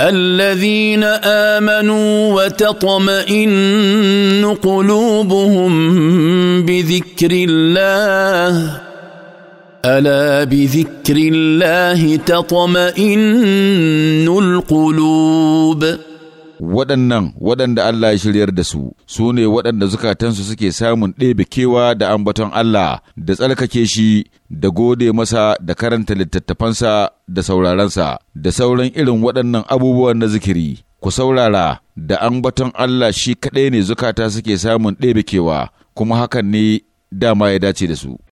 الذين امنوا وتطمئن قلوبهم بذكر الله الا بذكر الله تطمئن القلوب waɗannan waɗanda Allah ya shiryar da su su ne waɗanda zukatansu suke samun ɗebe kewa da ambaton Allah da tsarkake shi da gode masa da karanta littattafansa da saurarensa da sauran irin waɗannan abubuwan na zikiri ku saurara da ambaton Allah shi kaɗai ne zukata suke samun ɗebe kewa kuma hakan ne dama ya dace da su.